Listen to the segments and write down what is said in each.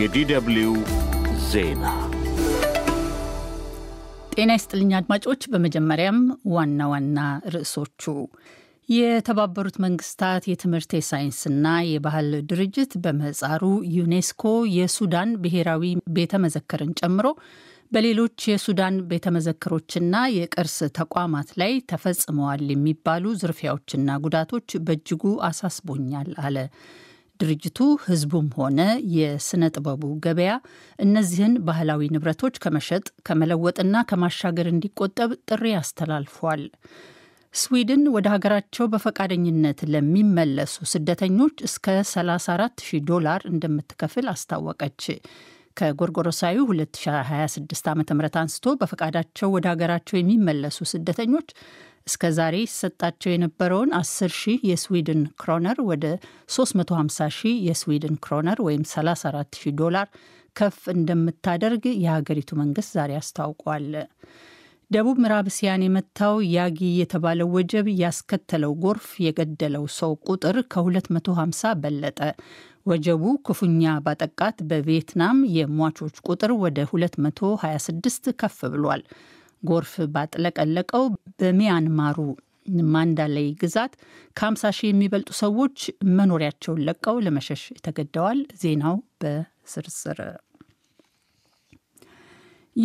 የዲደብልዩ ዜና ጤና ይስጥልኝ አድማጮች። በመጀመሪያም ዋና ዋና ርዕሶቹ የተባበሩት መንግስታት የትምህርት የሳይንስና የባህል ድርጅት በምህጻሩ ዩኔስኮ የሱዳን ብሔራዊ ቤተ መዘክርን ጨምሮ በሌሎች የሱዳን ቤተመዘክሮችና የቅርስ ተቋማት ላይ ተፈጽመዋል የሚባሉ ዝርፊያዎችና ጉዳቶች በእጅጉ አሳስቦኛል አለ። ድርጅቱ ህዝቡም ሆነ የስነ ጥበቡ ገበያ እነዚህን ባህላዊ ንብረቶች ከመሸጥ ከመለወጥና ከማሻገር እንዲቆጠብ ጥሪ አስተላልፏል። ስዊድን ወደ ሀገራቸው በፈቃደኝነት ለሚመለሱ ስደተኞች እስከ 34 ሺህ ዶላር እንደምትከፍል አስታወቀች። ከጎርጎሮሳዊ 2026 ዓ ም አንስቶ በፈቃዳቸው ወደ ሀገራቸው የሚመለሱ ስደተኞች እስከ ዛሬ ይሰጣቸው የነበረውን 10 ሺህ የስዊድን ክሮነር ወደ 350 ሺህ የስዊድን ክሮነር ወይም 34 ሺህ ዶላር ከፍ እንደምታደርግ የሀገሪቱ መንግስት ዛሬ አስታውቋል። ደቡብ ምዕራብ እስያን የመታው ያጊ የተባለው ወጀብ ያስከተለው ጎርፍ የገደለው ሰው ቁጥር ከ250 በለጠ። ወጀቡ ክፉኛ ባጠቃት በቪየትናም የሟቾች ቁጥር ወደ 226 ከፍ ብሏል። ጎርፍ ባጥለቀለቀው በሚያንማሩ ማንዳላይ ግዛት ከ50 ሺህ የሚበልጡ ሰዎች መኖሪያቸውን ለቀው ለመሸሽ ተገደዋል። ዜናው በዝርዝር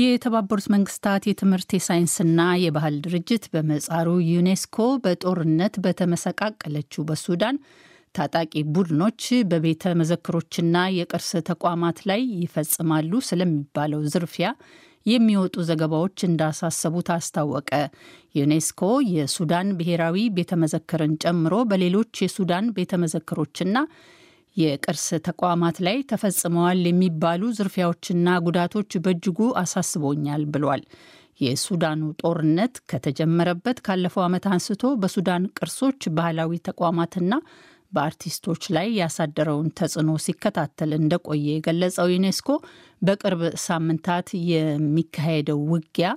የተባበሩት መንግስታት የትምህርት የሳይንስና የባህል ድርጅት በመጻሩ ዩኔስኮ በጦርነት በተመሰቃቀለችው በሱዳን ታጣቂ ቡድኖች በቤተ መዘክሮችና የቅርስ ተቋማት ላይ ይፈጽማሉ ስለሚባለው ዝርፊያ የሚወጡ ዘገባዎች እንዳሳሰቡት አስታወቀ። ዩኔስኮ የሱዳን ብሔራዊ ቤተ መዘክርን ጨምሮ በሌሎች የሱዳን ቤተ መዘክሮችና የቅርስ ተቋማት ላይ ተፈጽመዋል የሚባሉ ዝርፊያዎችና ጉዳቶች በእጅጉ አሳስቦኛል ብሏል። የሱዳኑ ጦርነት ከተጀመረበት ካለፈው ዓመት አንስቶ በሱዳን ቅርሶች፣ ባህላዊ ተቋማትና በአርቲስቶች ላይ ያሳደረውን ተጽዕኖ ሲከታተል እንደቆየ የገለጸው ዩኔስኮ በቅርብ ሳምንታት የሚካሄደው ውጊያ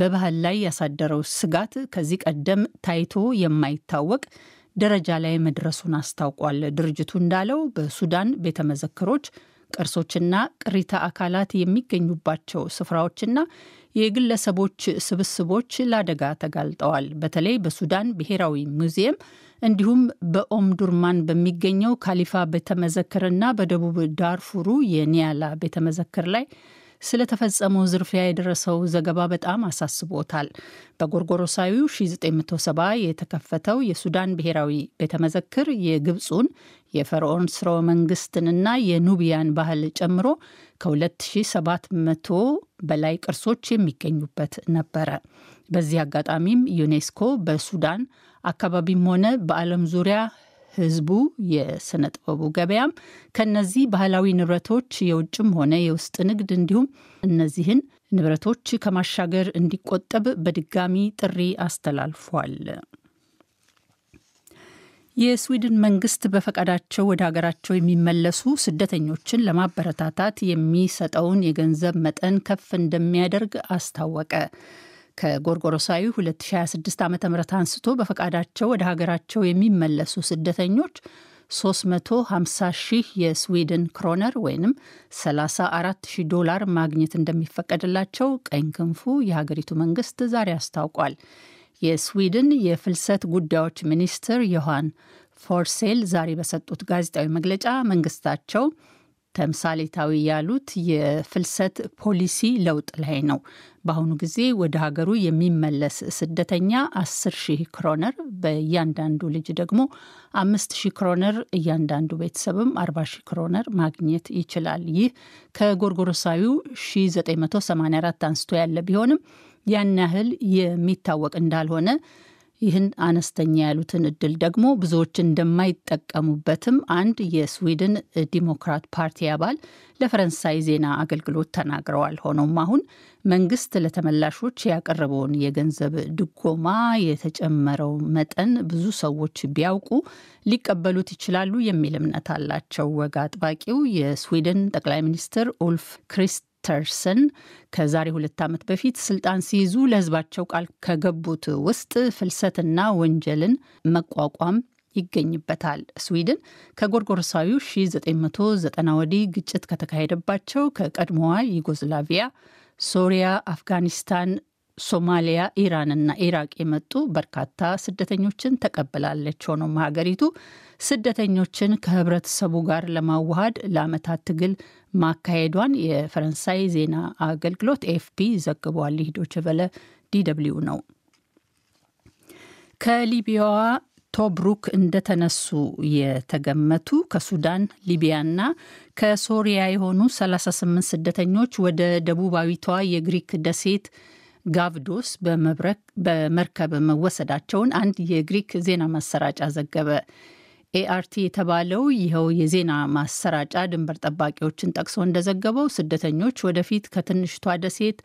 በባህል ላይ ያሳደረው ስጋት ከዚህ ቀደም ታይቶ የማይታወቅ ደረጃ ላይ መድረሱን አስታውቋል። ድርጅቱ እንዳለው በሱዳን ቤተመዘክሮች ቅርሶችና ቅሪተ አካላት የሚገኙባቸው ስፍራዎችና የግለሰቦች ስብስቦች ለአደጋ ተጋልጠዋል። በተለይ በሱዳን ብሔራዊ ሙዚየም እንዲሁም በኦምዱርማን በሚገኘው ካሊፋ ቤተመዘክርና በደቡብ ዳርፉሩ የኒያላ ቤተመዘክር ላይ ስለተፈጸመው ዝርፊያ የደረሰው ዘገባ በጣም አሳስቦታል። በጎርጎሮሳዊው 1970 የተከፈተው የሱዳን ብሔራዊ ቤተመዘክር የግብፁን የፈርዖን ስርወ መንግስትንና የኑቢያን ባህል ጨምሮ ከ2700 በላይ ቅርሶች የሚገኙበት ነበረ። በዚህ አጋጣሚም ዩኔስኮ በሱዳን አካባቢም ሆነ በዓለም ዙሪያ ህዝቡ፣ የስነ ጥበቡ ገበያም ከነዚህ ባህላዊ ንብረቶች የውጭም ሆነ የውስጥ ንግድ እንዲሁም እነዚህን ንብረቶች ከማሻገር እንዲቆጠብ በድጋሚ ጥሪ አስተላልፏል። የስዊድን መንግስት በፈቃዳቸው ወደ ሀገራቸው የሚመለሱ ስደተኞችን ለማበረታታት የሚሰጠውን የገንዘብ መጠን ከፍ እንደሚያደርግ አስታወቀ። ከጎርጎሮሳዊ 2026 ዓ ም አንስቶ በፈቃዳቸው ወደ ሀገራቸው የሚመለሱ ስደተኞች 350 ሺህ የስዊድን ክሮነር ወይም 34 ሺህ ዶላር ማግኘት እንደሚፈቀድላቸው ቀኝ ክንፉ የሀገሪቱ መንግስት ዛሬ አስታውቋል። የስዊድን የፍልሰት ጉዳዮች ሚኒስትር ዮሐን ፎርሴል ዛሬ በሰጡት ጋዜጣዊ መግለጫ መንግስታቸው ተምሳሌታዊ ያሉት የፍልሰት ፖሊሲ ለውጥ ላይ ነው። በአሁኑ ጊዜ ወደ ሀገሩ የሚመለስ ስደተኛ 10 ሺህ ክሮነር በእያንዳንዱ ልጅ ደግሞ አምስት ሺህ ክሮነር እያንዳንዱ ቤተሰብም 40 ሺህ ክሮነር ማግኘት ይችላል። ይህ ከጎርጎሮሳዊው 1984 አንስቶ ያለ ቢሆንም ያን ያህል የሚታወቅ እንዳልሆነ ይህን አነስተኛ ያሉትን እድል ደግሞ ብዙዎች እንደማይጠቀሙበትም አንድ የስዊድን ዲሞክራት ፓርቲ አባል ለፈረንሳይ ዜና አገልግሎት ተናግረዋል። ሆኖም አሁን መንግስት ለተመላሾች ያቀረበውን የገንዘብ ድጎማ የተጨመረው መጠን ብዙ ሰዎች ቢያውቁ ሊቀበሉት ይችላሉ የሚል እምነት አላቸው። ወግ አጥባቂው የስዊድን ጠቅላይ ሚኒስትር ኡልፍ ክሪስት ፒተርሰን ከዛሬ ሁለት ዓመት በፊት ስልጣን ሲይዙ ለህዝባቸው ቃል ከገቡት ውስጥ ፍልሰትና ወንጀልን መቋቋም ይገኝበታል። ስዊድን ከጎርጎሮሳዊው 1990 ወዲህ ግጭት ከተካሄደባቸው ከቀድሞዋ ዩጎዝላቪያ፣ ሶሪያ፣ አፍጋኒስታን፣ ሶማሊያ፣ ኢራንና ኢራቅ የመጡ በርካታ ስደተኞችን ተቀብላለች። ሆኖም ሀገሪቱ ስደተኞችን ከህብረተሰቡ ጋር ለማዋሃድ ለአመታት ትግል ማካሄዷን የፈረንሳይ ዜና አገልግሎት ኤፍፒ ዘግቧል። ይህ ዶይቼ ቬለ ዲደብሊው ነው። ከሊቢያዋ ቶብሩክ እንደተነሱ የተገመቱ ከሱዳን ሊቢያና ከሶሪያ የሆኑ 38 ስደተኞች ወደ ደቡባዊቷ የግሪክ ደሴት ጋቭዶስ በመርከብ መወሰዳቸውን አንድ የግሪክ ዜና ማሰራጫ ዘገበ። ኤአርቲ የተባለው ይኸው የዜና ማሰራጫ ድንበር ጠባቂዎችን ጠቅሶ እንደዘገበው ስደተኞች ወደፊት ከትንሽቷ ደሴት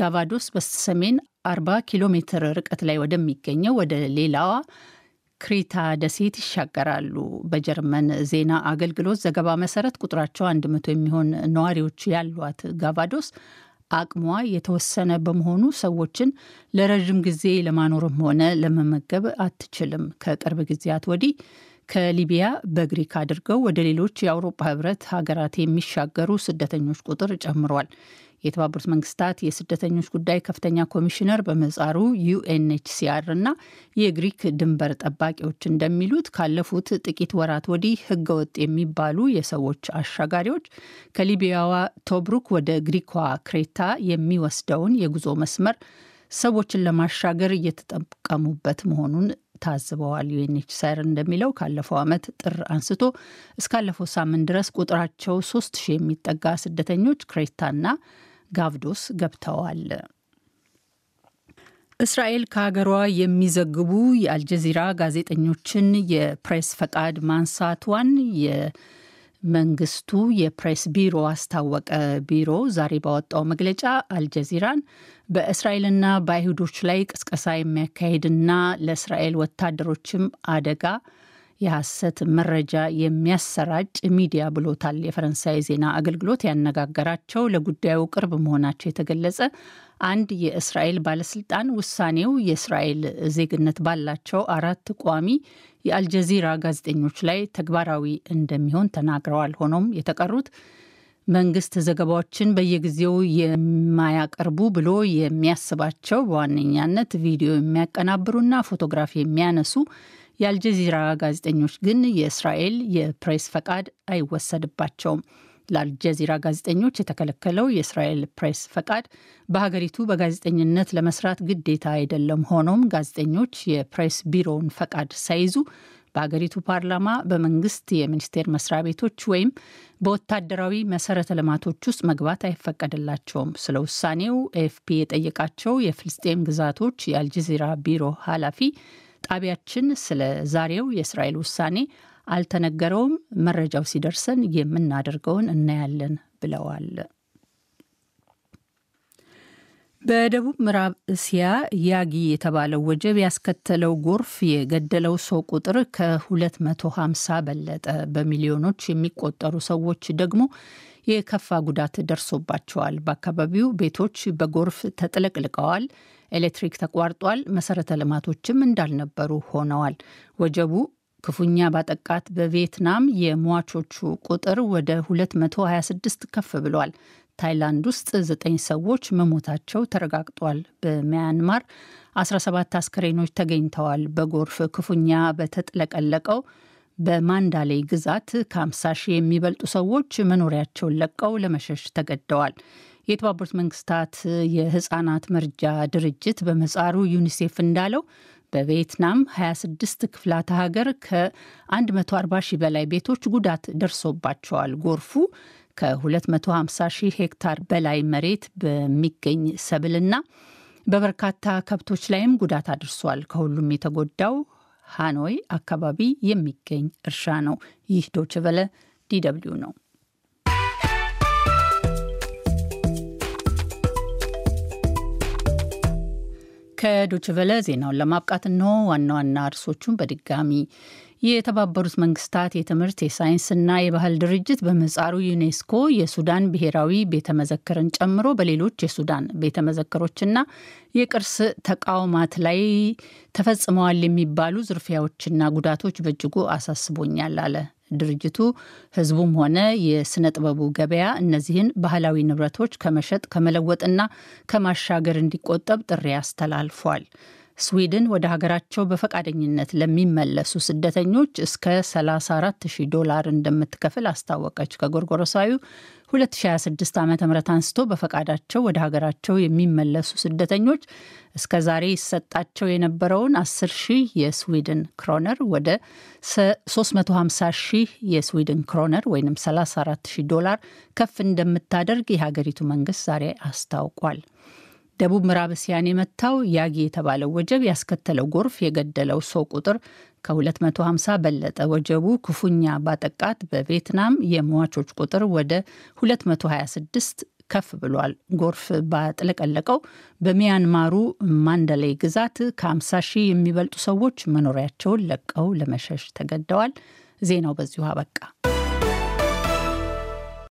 ጋቫዶስ በስተሰሜን 40 ኪሎ ሜትር ርቀት ላይ ወደሚገኘው ወደ ሌላዋ ክሪታ ደሴት ይሻገራሉ። በጀርመን ዜና አገልግሎት ዘገባ መሰረት ቁጥራቸው 100 የሚሆን ነዋሪዎች ያሏት ጋቫዶስ አቅሟ የተወሰነ በመሆኑ ሰዎችን ለረዥም ጊዜ ለማኖርም ሆነ ለመመገብ አትችልም። ከቅርብ ጊዜያት ወዲህ ከሊቢያ በግሪክ አድርገው ወደ ሌሎች የአውሮፓ ህብረት ሀገራት የሚሻገሩ ስደተኞች ቁጥር ጨምሯል። የተባበሩት መንግስታት የስደተኞች ጉዳይ ከፍተኛ ኮሚሽነር በመጻሩ ዩኤንኤችሲአር እና የግሪክ ድንበር ጠባቂዎች እንደሚሉት ካለፉት ጥቂት ወራት ወዲህ ህገወጥ የሚባሉ የሰዎች አሻጋሪዎች ከሊቢያዋ ቶብሩክ ወደ ግሪኳ ክሬታ የሚወስደውን የጉዞ መስመር ሰዎችን ለማሻገር እየተጠቀሙበት መሆኑን ታዝበዋል። ዩኤንኤችሲአር እንደሚለው ካለፈው ዓመት ጥር አንስቶ እስካለፈው ሳምንት ድረስ ቁጥራቸው ሶስት ሺህ የሚጠጋ ስደተኞች ክሬታና ጋብዶስ ገብተዋል። እስራኤል ከሀገሯ የሚዘግቡ የአልጀዚራ ጋዜጠኞችን የፕሬስ ፈቃድ ማንሳቷን የመንግስቱ የፕሬስ ቢሮ አስታወቀ። ቢሮ ዛሬ ባወጣው መግለጫ አልጀዚራን በእስራኤልና በአይሁዶች ላይ ቅስቀሳ የሚያካሄድና ለእስራኤል ወታደሮችም አደጋ የሐሰት መረጃ የሚያሰራጭ ሚዲያ ብሎታል። የፈረንሳይ ዜና አገልግሎት ያነጋገራቸው ለጉዳዩ ቅርብ መሆናቸው የተገለጸ አንድ የእስራኤል ባለስልጣን ውሳኔው የእስራኤል ዜግነት ባላቸው አራት ቋሚ የአልጀዚራ ጋዜጠኞች ላይ ተግባራዊ እንደሚሆን ተናግረዋል። ሆኖም የተቀሩት መንግስት ዘገባዎችን በየጊዜው የማያቀርቡ ብሎ የሚያስባቸው በዋነኛነት ቪዲዮ የሚያቀናብሩና ፎቶግራፊ የሚያነሱ የአልጀዚራ ጋዜጠኞች ግን የእስራኤል የፕሬስ ፈቃድ አይወሰድባቸውም። ለአልጀዚራ ጋዜጠኞች የተከለከለው የእስራኤል ፕሬስ ፈቃድ በሀገሪቱ በጋዜጠኝነት ለመስራት ግዴታ አይደለም። ሆኖም ጋዜጠኞች የፕሬስ ቢሮውን ፈቃድ ሳይዙ በሀገሪቱ ፓርላማ፣ በመንግስት የሚኒስቴር መስሪያ ቤቶች ወይም በወታደራዊ መሰረተ ልማቶች ውስጥ መግባት አይፈቀድላቸውም። ስለ ውሳኔው ኤፍፒ የጠየቃቸው የፍልስጤም ግዛቶች የአልጀዚራ ቢሮ ኃላፊ ጣቢያችን ስለ ዛሬው የእስራኤል ውሳኔ አልተነገረውም፣ መረጃው ሲደርሰን የምናደርገውን እናያለን ብለዋል። በደቡብ ምዕራብ እስያ ያጊ የተባለው ወጀብ ያስከተለው ጎርፍ የገደለው ሰው ቁጥር ከ250 በለጠ። በሚሊዮኖች የሚቆጠሩ ሰዎች ደግሞ የከፋ ጉዳት ደርሶባቸዋል። በአካባቢው ቤቶች በጎርፍ ተጥለቅልቀዋል። ኤሌክትሪክ ተቋርጧል፣ መሰረተ ልማቶችም እንዳልነበሩ ሆነዋል። ወጀቡ ክፉኛ ባጠቃት በቪየትናም የሟቾቹ ቁጥር ወደ 226 ከፍ ብሏል። ታይላንድ ውስጥ ዘጠኝ ሰዎች መሞታቸው ተረጋግጧል። በሚያንማር 17 አስከሬኖች ተገኝተዋል። በጎርፍ ክፉኛ በተጥለቀለቀው በማንዳሌ ግዛት ከ50 ሺህ የሚበልጡ ሰዎች መኖሪያቸውን ለቀው ለመሸሽ ተገደዋል። የተባበሩት መንግስታት የህፃናት መርጃ ድርጅት በመጻሩ ዩኒሴፍ እንዳለው በቪየትናም 26 ክፍላተ ሀገር ከ140 ሺህ በላይ ቤቶች ጉዳት ደርሶባቸዋል። ጎርፉ ከ250 ሺህ ሄክታር በላይ መሬት በሚገኝ ሰብልና በበርካታ ከብቶች ላይም ጉዳት አድርሷል። ከሁሉም የተጎዳው ሃኖይ አካባቢ የሚገኝ እርሻ ነው። ይህ ዶችቨለ ዲደብሊው ነው። ከዶችቨለ ዜናውን ለማብቃት እንሆ ዋና ዋና ርዕሶቹን በድጋሚ የተባበሩት መንግስታት የትምህርት የሳይንስና የባህል ድርጅት በምህጻሩ ዩኔስኮ የሱዳን ብሔራዊ ቤተመዘክርን ጨምሮ በሌሎች የሱዳን ቤተመዘክሮችና የቅርስ ተቃውማት ላይ ተፈጽመዋል የሚባሉ ዝርፊያዎችና ጉዳቶች በእጅጉ አሳስቦኛል አለ። ድርጅቱ ህዝቡም ሆነ የስነ ጥበቡ ገበያ እነዚህን ባህላዊ ንብረቶች ከመሸጥ ከመለወጥና ከማሻገር እንዲቆጠብ ጥሪ አስተላልፏል። ስዊድን ወደ ሀገራቸው በፈቃደኝነት ለሚመለሱ ስደተኞች እስከ 34 ዶላር እንደምትከፍል አስታወቀች። ከጎርጎረሳዊ 2026 ዓ ም አንስቶ በፈቃዳቸው ወደ ሀገራቸው የሚመለሱ ስደተኞች እስከ ዛሬ ይሰጣቸው የነበረውን 10 ሺህ የስዊድን ክሮነር ወደ 350 ሺህ የስዊድን ክሮነር ወይም 34 ሺህ ዶላር ከፍ እንደምታደርግ የሀገሪቱ መንግስት ዛሬ አስታውቋል። ደቡብ ምዕራብ እስያን የመታው ያጊ የተባለው ወጀብ ያስከተለው ጎርፍ የገደለው ሰው ቁጥር ከ250 በለጠ። ወጀቡ ክፉኛ ባጠቃት በቪየትናም የሟቾች ቁጥር ወደ 226 ከፍ ብሏል። ጎርፍ ባጥለቀለቀው በሚያንማሩ ማንደላይ ግዛት ከ50 ሺህ የሚበልጡ ሰዎች መኖሪያቸውን ለቀው ለመሸሽ ተገደዋል። ዜናው በዚሁ አበቃ።